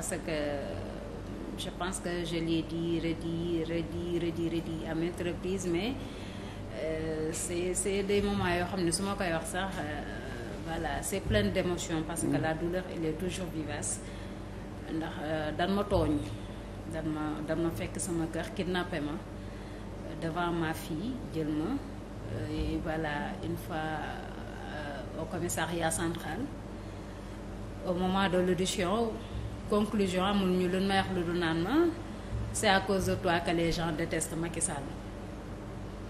parce que je pense que je l'ai dit, redit, redit, redit, redit à maintes mais euh, c'est c'est des moments yoo xam ne su ma koy wax sax euh, voilà c'est plein d'émotions parce que la douleur elle est toujours vivace ndax euh, dan ma tooñ dan ma fekk sama kër kidnappé ma devant ma fille jël ma euh, et voilà une fois au commissariat central au moment de l'audition conclusion amul ñu lu may wax lu du naan ma c'est à cause de toi que les gens détestent Macky Sall.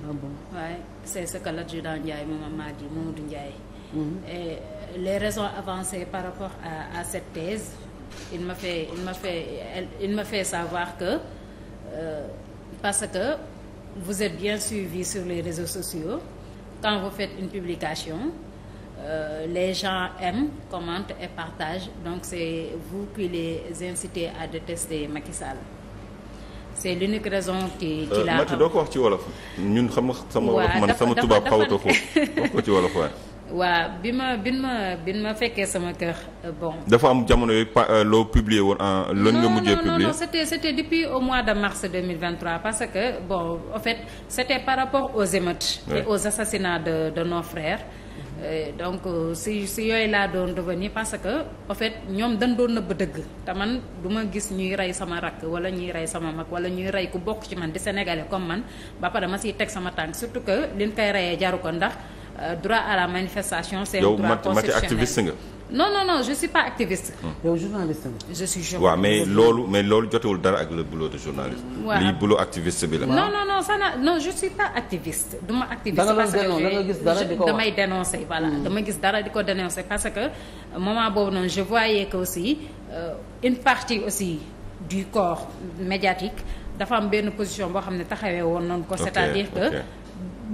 ah c'est ce que l'adjudant Ndiaye moom m'a dit Mamadou Ndiaye. Mhm. et les raisons avancées par rapport à à cette thèse il m'a fait savoir que euh, parce que vous êtes bien suivi sur les réseaux sociaux quand vous faites une publication. euh, les gens aiment, commentent et partagent. Donc c'est vous qui les incitez à détester Macky Sall. c'est l'unique raison qui qui euh, laa. Mati doo ci wolof. ñun xam nga sama wax man sama tubaab xawata ko wax ko ci waa bi ma bi ma bi ma fekkee sama kër euh, bon. dafa am jamono yooyu pa euh, loo publier woon en lan nga mujjee publier. non non non c'était depuis au mois de mars parce que bon en fait c'était par rapport aux émeutes. et aux assassinats de de nos frères. Euh, donc euh, si si yooyu laa doon revenir parce que en fait ñoom dañ doon nëbb dëgg te man du ma gis ñuy rey sama rakk wala ñuy rey sama mag wala ñuy rey ku bokk ci man di sénégalais comme man ba pare ma siy teg sama tànk surtout que liñ koy reyee jaru ko ndax euh, droit à la manifestation c'est un droit constitutionnel yow activiste nga non non non je suis pas activiste. yow journaliste la. je mais loolu mais loolu jotewul dara ak le bulo de journaliste. lii boulot activiste bi la. non non non ça na non je suis pas activiste. du ma activiste parce que hmm. gis dara di ko dénoncer parce que euh, moment boobu noonu je voyais que aussi euh, une partie aussi du corps médiatique dafa am benn position boo xam ne taxawee woon noonu ko c'est-à-dire que.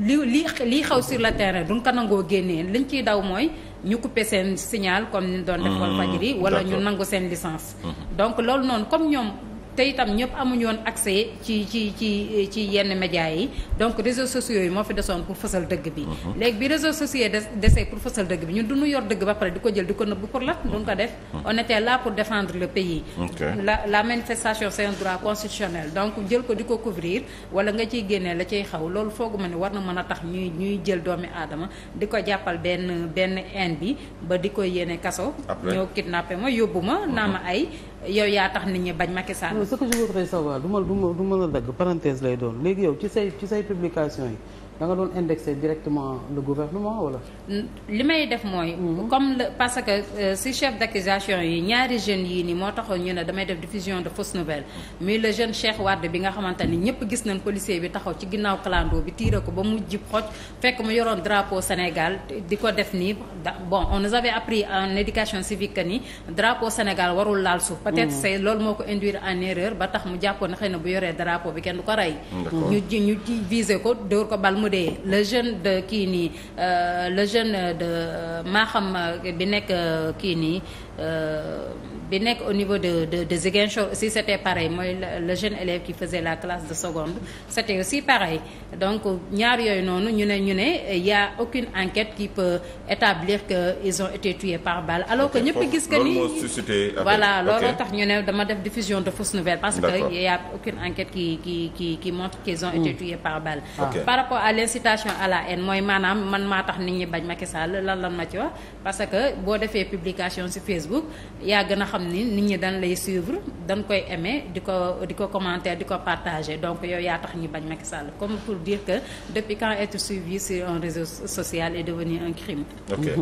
li li lii xaw sur le terrain duñ ko nangoo génnee liñ ciy daw mooy ñu couper seen signal comme ni doon def mm-hmm. Walfadjri wala ñu nangu seen licence mm-hmm. donc loolu noonu comme ñoom te itam ñëpp amuñu woon accès ci ci ci ci yenn médias yi donc réseaux sociaux yi moo fi desoon pour fësal dëgg bi. Mhm. léegi bi réseaux sociaux desee pour fësal dëgg bi ñu du yor dëgg ba pare di ko jël di ko nëbb pour lat duñ ko def. Mhm. on était là pour défendre le pays. Okay. la la manifestation c'est un droit constitutionnel donc jël ko di ko couvrir wala nga ciy génnee la ciy xaw loolu fooguma ne war na mën a tax ñuy ñuy jël doomi aadama di ko jàppal benn benn haine bi ba di ko yéene kaso. ñëw kidnappé ma yóbbu ma mhm. naa ma ay. yow yaa tax nit ñi bañ Macky Sall. non ce que je voudrais savoir du ma du ma du la dagg parenthèse lay doon léegi yow ci say ci say publication yi da nga doon indexé directement le gouvernement wala. li may def mooy. Mhm. comme le parce que euh, si chef d'accusation yi ñaari jeunes yii nii moo taxoon ñu ne damay def diffusion de fausse nouvelle. mais le jeune Cheikh Wade bi nga xamante ni ñëpp gis nañ policier bi taxaw ci ginnaaw clando bi tiire ko ba mu jib xoj fekk mu yoroon drapeau Sénégal di ko def nii bon on nous avait appris en éducation civique que ni drapeau Sénégal warul laal suuf. peut-être mhm. c'est lool moo ko induire en erreur ba tax mu jàppoon xëy na bu yoree drapeau bi kenn du ko rey. mu dee le jeune de kii nii euh, le jeune de euh, maaxam euh, bi nekk kii nii bi nekk au niveau de de de Ziguinchor aussi c' était pareil mooy le jeune élève qui faisait la classe de seconde c' était aussi pareil donc ñaar yooyu noonu ñu ne ñu ne y' a aucune enquête qui peut établir que ils ont été tués par balle alors que ñëpp gis que ni voilà looloo tax ñu ne dama def diffusion de fausses nouvelles parce que y' a aucune enquête qui qui qui qui montre qu'ils ont hmm. été tués par balle par rapport l'incitation à la n mooy maanaam man maa tax nit ñi bañ ma ki Sall lan lan ma ci wax parce que boo defee publication ci Facebook yaa gën a xam ni nit ñi dañ lay suivre dañ koy aimer di ko di ko commenter di ko partager donc yow yaa tax ñi bañ Macky Sall comme pour dire que depuis quand être suivi sur un réseau social est devenu un crime.